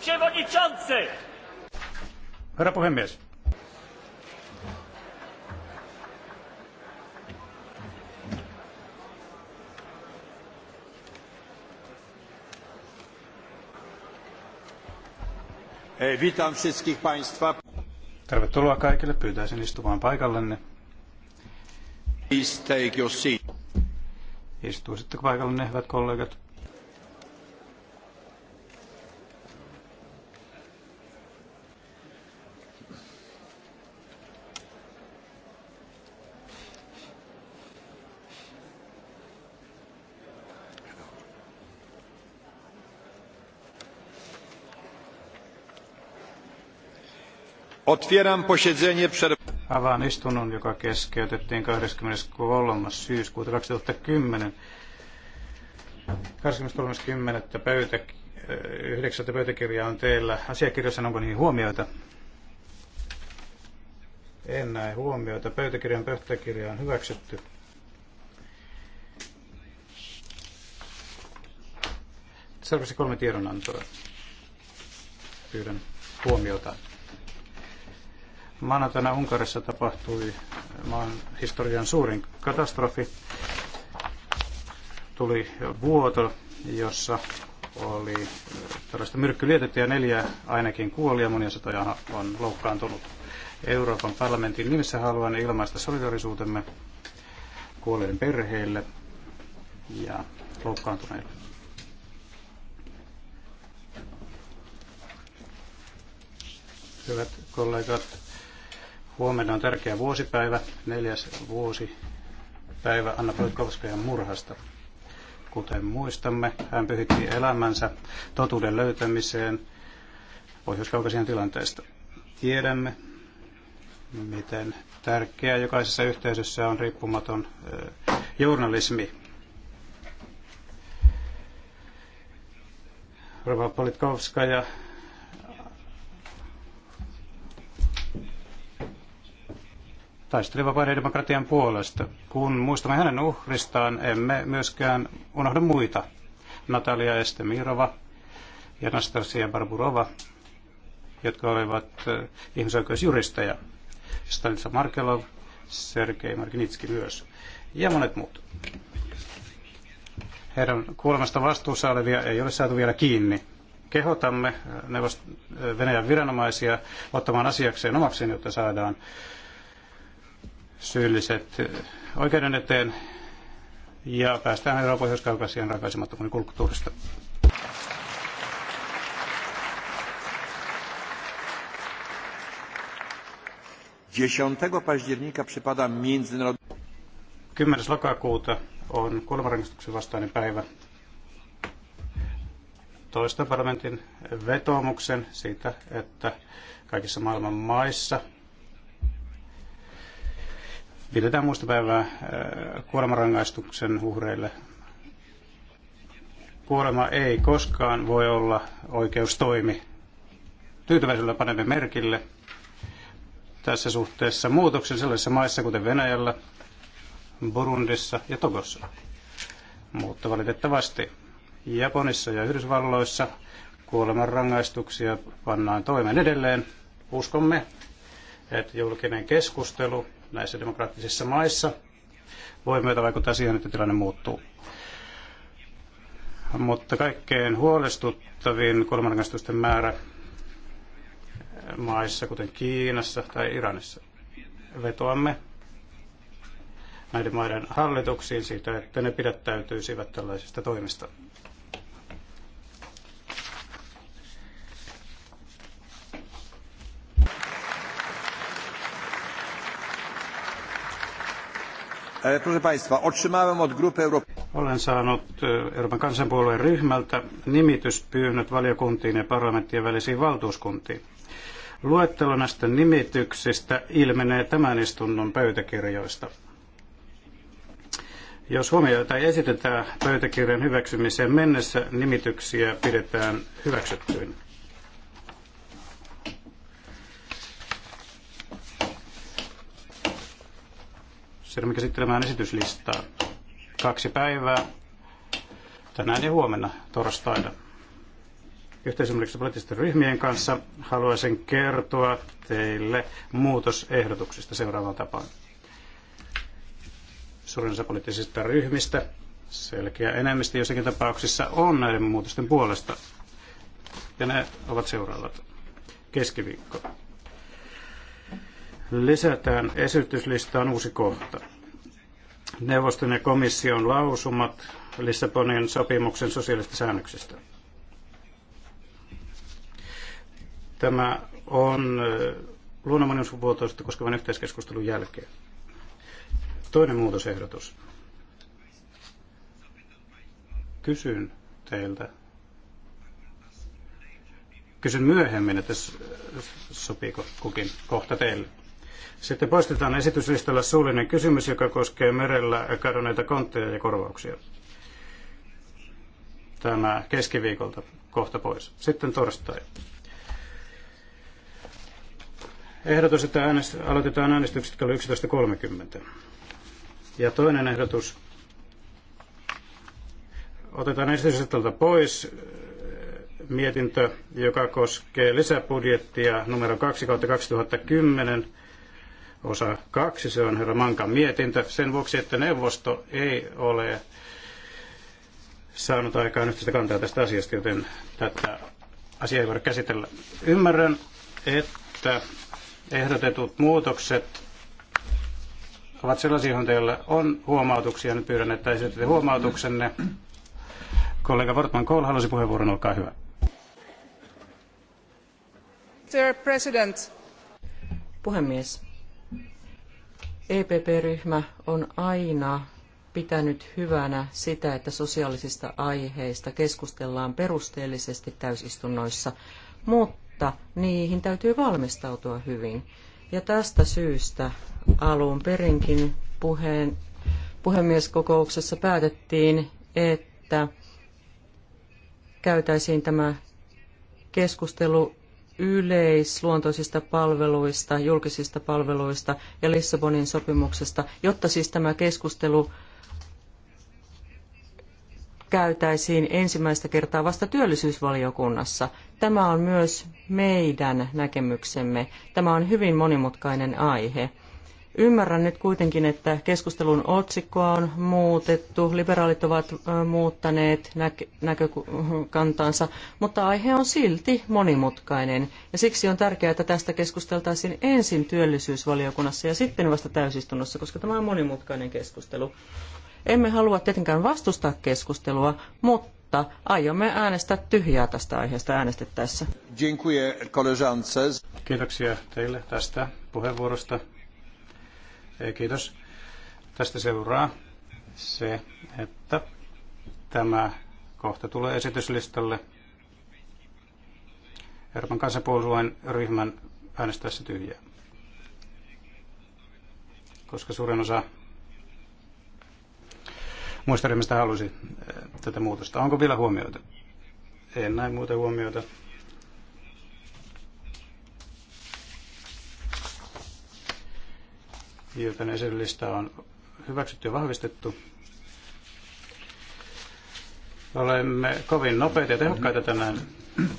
przewodniczący! Herra puhemies. Hei, witam wszystkich Państwa. Tervetuloa kaikille. Pyytäisin istumaan paikallenne. Please take your seat. Istuisitteko paikallenne, hyvät kollegat? Otwieram posiedzenie przerw... Avaan istunnon, joka keskeytettiin 23. syyskuuta 2010. 23.10. pöytä, yhdeksältä pöytäkirjaa on teillä asiakirjassa, onko niihin huomioita? En näe huomioita. Pöytäkirjan pöytäkirja on hyväksytty. Seuraavaksi kolme tiedonantoa. Pyydän huomiota. Maanantaina Unkarissa tapahtui maan historian suurin katastrofi. Tuli vuoto, jossa oli tällaista myrkkylietettä ja neljä ainakin kuoli ja monia satoja on loukkaantunut. Euroopan parlamentin nimissä haluan ilmaista solidarisuutemme kuolleiden perheille ja loukkaantuneille. Hyvät kollegat, Huomenna on tärkeä vuosipäivä, neljäs vuosipäivä Anna Politkovskajan murhasta. Kuten muistamme, hän pyhitti elämänsä totuuden löytämiseen pohjois tilanteesta. Tiedämme, miten tärkeää jokaisessa yhteisössä on riippumaton journalismi. Rova Politkovskaja taisteli vapaiden demokratian puolesta. Kun muistamme hänen uhristaan, emme myöskään unohda muita. Natalia Estemirova ja Nastasia Barburova, jotka olivat eh, ihmisoikeusjuristeja. Stanislav Markelov, Sergei Marginitski myös ja monet muut. Heidän kuolemasta vastuussa olevia ei ole saatu vielä kiinni. Kehotamme eh, neuvost- eh, Venäjän viranomaisia ottamaan asiakseen omakseen, jotta saadaan syylliset oikeuden eteen ja päästään eroon Pohjois-Kaukasian rankaisemattomuuden kulttuurista. października przypada międzynarodowy 10. lokakuuta on kuolemanrangaistuksen vastainen päivä. Toista parlamentin vetoomuksen siitä, että kaikissa maailman maissa Pidetään muistopäivää äh, kuolemanrangaistuksen uhreille. Kuolema ei koskaan voi olla oikeustoimi. Tyytyväisyydellä panemme merkille tässä suhteessa muutoksen sellaisissa maissa kuten Venäjällä, Burundissa ja Togossa. Mutta valitettavasti Japanissa ja Yhdysvalloissa kuoleman rangaistuksia pannaan toimeen edelleen. Uskomme, että julkinen keskustelu näissä demokraattisissa maissa voi myötä vaikuttaa siihen, että tilanne muuttuu. Mutta kaikkein huolestuttavin kuolemanrangaistusten määrä maissa, kuten Kiinassa tai Iranissa, vetoamme näiden maiden hallituksiin siitä, että ne pidättäytyisivät tällaisista toimista. E, Olen saanut e, Euroopan kansanpuolueen ryhmältä nimityspyynnöt valiokuntiin ja parlamenttien välisiin valtuuskuntiin. Luettelo näistä nimityksistä ilmenee tämän istunnon pöytäkirjoista. Jos huomioita ei esitetä pöytäkirjan hyväksymiseen mennessä, nimityksiä pidetään hyväksyttyinä. Siirrymme käsittelemään esityslistaa. Kaksi päivää tänään ja huomenna torstaina. Yhteisymmärryksessä poliittisten ryhmien kanssa haluaisin kertoa teille muutosehdotuksista seuraavaan tapaan. Suurin osa poliittisista ryhmistä selkeä enemmistö jossakin tapauksissa on näiden muutosten puolesta. Ja ne ovat seuraavat. Keskiviikko lisätään esityslistaan uusi kohta. Neuvoston ja komission lausumat Lissabonin sopimuksen sosiaalista säännöksistä. Tämä on äh, luonnon monimuotoisuutta koskevan yhteiskeskustelun jälkeen. Toinen muutosehdotus. Kysyn teiltä. Kysyn myöhemmin, että sopiiko kukin kohta teille. Sitten poistetaan esityslistalla suullinen kysymys, joka koskee merellä kadonneita kontteja ja korvauksia. Tämä keskiviikolta kohta pois. Sitten torstai. Ehdotus, että äänest- aloitetaan äänestykset kello 11.30. Ja toinen ehdotus. Otetaan esityslistalta pois äh, mietintö, joka koskee lisäbudjettia numero 2 2010 osa kaksi, se on herra Mankan mietintö, sen vuoksi, että neuvosto ei ole saanut aikaan yhteistä kantaa tästä asiasta, joten tätä asiaa ei voida käsitellä. Ymmärrän, että ehdotetut muutokset ovat sellaisia, joihin teillä on huomautuksia. Nyt pyydän, että esitätte huomautuksenne. Kollega Wortman Kohl halusi puheenvuoron, olkaa hyvä. Mr. President. Puhemies, EPP-ryhmä on aina pitänyt hyvänä sitä, että sosiaalisista aiheista keskustellaan perusteellisesti täysistunnoissa, mutta niihin täytyy valmistautua hyvin. Ja tästä syystä alun perinkin puheen, puhemieskokouksessa päätettiin, että käytäisiin tämä keskustelu yleisluontoisista palveluista, julkisista palveluista ja Lissabonin sopimuksesta, jotta siis tämä keskustelu käytäisiin ensimmäistä kertaa vasta työllisyysvaliokunnassa. Tämä on myös meidän näkemyksemme. Tämä on hyvin monimutkainen aihe. Ymmärrän nyt kuitenkin, että keskustelun otsikkoa on muutettu, liberaalit ovat muuttaneet näkökantaansa, mutta aihe on silti monimutkainen. Ja siksi on tärkeää, että tästä keskusteltaisiin ensin työllisyysvaliokunnassa ja sitten vasta täysistunnossa, koska tämä on monimutkainen keskustelu. Emme halua tietenkään vastustaa keskustelua, mutta aiomme äänestää tyhjää tästä aiheesta äänestettäessä. Kiitoksia teille tästä puheenvuorosta. Kiitos. Tästä seuraa se, että tämä kohta tulee esityslistalle Euroopan kansanpuolueen ryhmän äänestäessä tyhjää. Koska suurin osa muista ryhmistä halusi eh, tätä muutosta. Onko vielä huomioita? En näin muuta huomioita. joten esillistä on hyväksytty ja vahvistettu. Olemme kovin nopeita ja tehokkaita tänään. 15.30.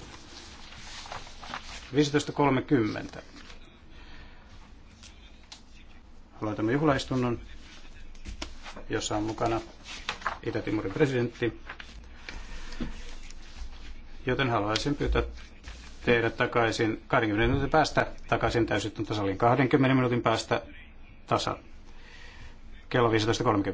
Aloitamme juhlaistunnon, jossa on mukana Itä-Timurin presidentti. Joten haluaisin pyytää teidät takaisin 20 minuutin päästä, takaisin tasalin 20 minuutin päästä tasa kello 15.30.